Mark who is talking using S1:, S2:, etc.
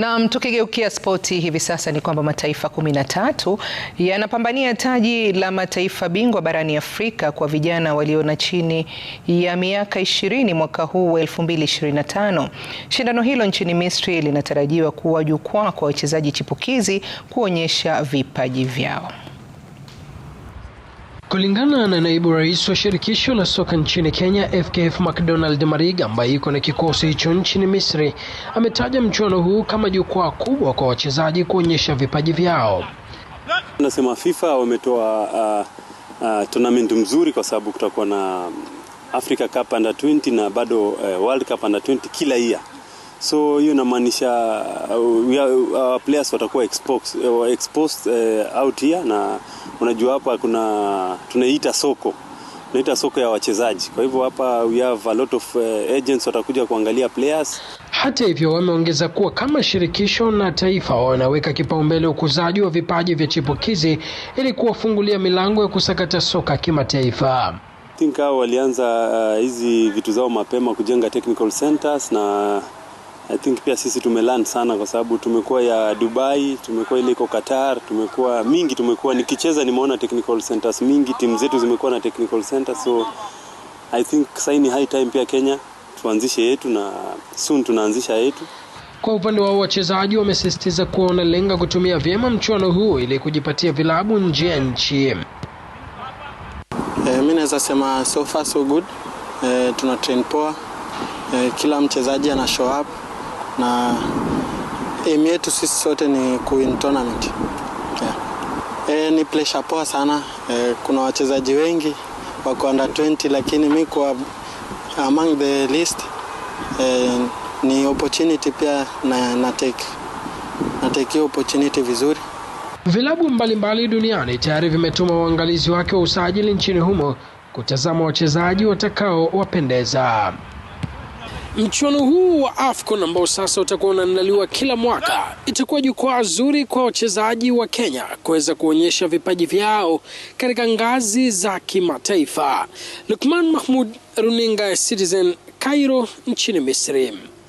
S1: Naam, tukigeukia spoti hivi sasa ni kwamba mataifa kumi na tatu yanapambania taji la mataifa bingwa barani Afrika kwa vijana walio na chini ya miaka ishirini mwaka huu wa 2025. Shindano hilo nchini Misri linatarajiwa kuwa jukwaa kwa wachezaji chipukizi kuonyesha vipaji vyao.
S2: Kulingana na naibu rais wa shirikisho la soka nchini Kenya FKF McDonald Mariga, ambaye yuko na kikosi hicho nchini Misri, ametaja mchuano huu kama jukwaa kubwa kwa wachezaji kuonyesha vipaji vyao.
S3: Nasema FIFA wametoa uh, uh, tournament mzuri kwa sababu kutakuwa na Africa Cup under 20 na bado uh, World Cup under 20 kila year so hiyo inamaanisha uh, uh, players watakuwa exposed, uh, exposed uh, out here na Unajua hapa kuna tunaita soko tunaita soko ya wachezaji, kwa hivyo hapa we have a lot of eh, agents watakuja kuangalia players.
S2: Hata hivyo wameongeza kuwa kama shirikisho na taifa wanaweka kipaumbele ukuzaji wa vipaji vya chipukizi ili kuwafungulia milango ya kusakata soka kimataifa.
S3: think hao walianza eh, hizi uh, vitu zao mapema kujenga technical centers na I think pia sisi tumelearn sana kwa sababu tumekuwa ya Dubai, tumekuwa ile iko Qatar, tumekuwa mingi, tumekuwa nikicheza, nimeona technical centers mingi, timu zetu zimekuwa na technical centers, so I think sasa ni high time pia Kenya tuanzishe yetu na soon tunaanzisha yetu.
S2: Kwa upande wao wachezaji wamesisitiza kuwa wanalenga kutumia vyema mchuano huo ili kujipatia vilabu nje ya nchi. Eh,
S4: mimi naweza sema so far so good. Eh, tuna train poa. Eh, kila mchezaji ana show up na aim yetu sisi sote ni kuin tournament yeah. E, ni pressure poa sana e, kuna wachezaji wengi wako under 20 lakini mi kwa among the list e, ni opportunity pia na, na take na take hiyo opportunity vizuri
S2: Vilabu mbalimbali duniani tayari vimetuma waangalizi wake wa usajili nchini humo kutazama wachezaji watakao wapendeza. Mchuano huu wa AFCON ambao sasa utakuwa unaandaliwa kila mwaka, itakuwa jukwaa zuri kwa wachezaji wa Kenya kuweza kuonyesha vipaji vyao katika ngazi za kimataifa. Lukman Mahmud, runinga ya Citizen, Cairo nchini Misri.